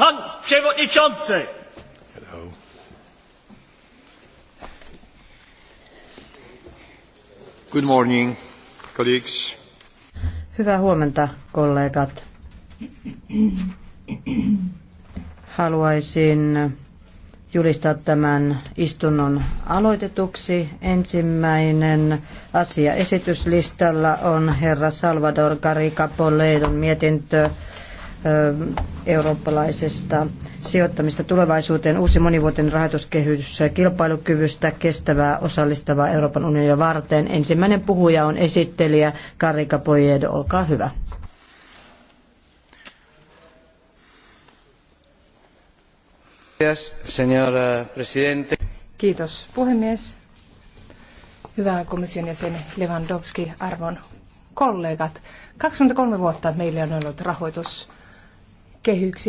Pan Przewodniczący! Hello. Good morning, colleagues. Hyvää huomenta, kollegat. Haluaisin julistaa tämän istunnon aloitetuksi. Ensimmäinen asia esityslistalla on herra Salvador Garriga Poledon mietintö eurooppalaisesta sijoittamista tulevaisuuteen, uusi monivuotinen rahoituskehys kilpailukyvystä kestävää osallistavaa Euroopan unionia varten. Ensimmäinen puhuja on esittelijä Karika Pojedo, olkaa hyvä. Kiitos puhemies. Hyvä komission jäsen Lewandowski, arvon kollegat. 23 vuotta meillä on ollut rahoitus kehyksiä